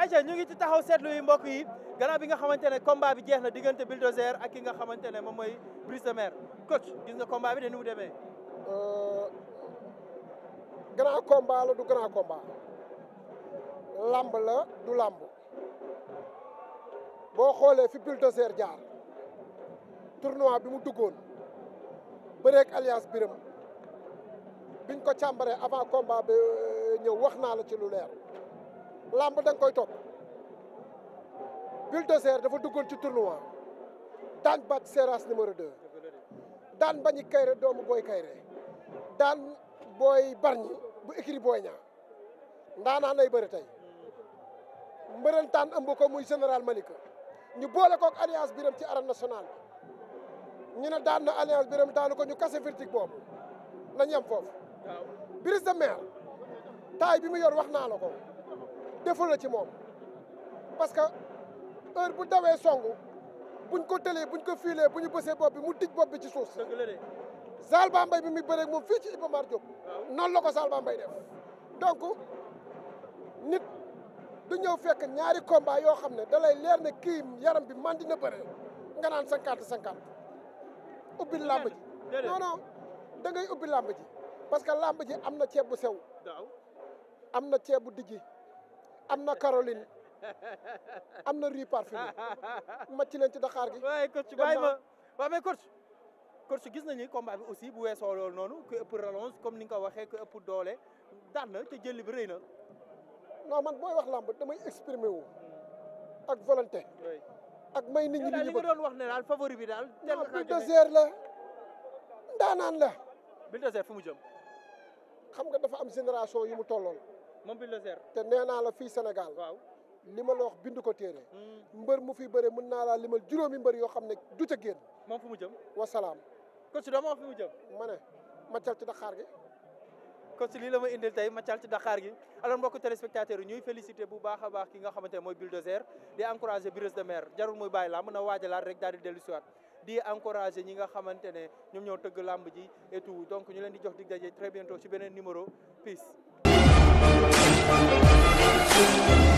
aja ñu ngi ci taxaw seetlu yi mbokk yi gannaaw bi nga xamante ne combat bi jeex na diggante Bulldozer ak i nga xamante ne moom mooy Brise de Mer gis nga combat bi de ni mu demee. Euh, grand combat la du grand combat lamb la du lamb boo xoolee fi Bulldozer jaar tournoi bi mu duggoon bëreeg alliance biram biñ ko càmbaree avant combat bi euh, ñëw wax naa la ci lu leer. làmb da nga koy topp Bulldozer dafa duggoon ci tournoi daan bat Seras numéro 2 daan bañi kayre doomu booy kayre daan booy barñi bu écrit booy ñaa ndaanaan lay bëri tey mbërëntaan ëmb ko muy général Malika ñu boole kook alliance biram ci arène nationale ñu ne daan na alliance biram daanu ko ñu kase vertique boobu nañ yem foofu Brise de Mer bi mu yor wax naa la ko defu la ci moom parce que heure bu dawee songu buñ ko tëlee buñ ko fiilee bu ñu bësee bopp bi mu tij bopp bi ci suuf si. Zal Bambey bi muy bëreeg moom fii ci Iba Mar Diop. noonu la ko Zal Bambey def. donc nit du ñëw fekk ñaari combat yoo xam ne dalay leer ne kii yaram bi man dina bëre nga naan cinquante cinquante. ubbi làmb ji non da ngay ubbi làmb parce que làmb ji am na ceeb bu sew. am na ceeb bu dijji. am na Caroline am na riz parfumé màcc leen ci daxaar gi. waaye coach bàyyi ma waaw mais coach coach gis nañu combat bi aussi bu weesoo loolu noonu ku ëpp relance comme ni nga ko waxee ku ëpp doole daan na te jëli bi rëy na. non man booy wax làmb damay exprimer wu ak volonté. ak may nit ñi li ñu doon wax ne daal favori bi daal. teel na Bulldozer la ndaanaan la. Bulldozer fu mu jëm. xam nga dafa am génération yi mu tolloon. moom bulldozer te nee naa la fii Sénégal waaw li ma la wax bind ko téere hmm. mbër mu fi bëre mën naa laa limal juróomi mbër yoo xam ne du ca génn moom fu mu jëm wasalaam coach doo ma wax fu mu jëm ma ne macal ci Dakar gi coach lii la ma indil tey macal ci Dakar gi alors mbokk téléspectateurs yi ñuy félicité bu baax baax ki nga xamante ne mooy bulldozer di encouragé Brise de Mer jarul muy bàyyi laa mën a waajalaat rek daal di dellu siwaat di encouragé ñi nga xamante ne ñoom ñoo tëgg làmb ji et tout donc ñu leen di jox dig daje très ci beneen numéro peace Thank you.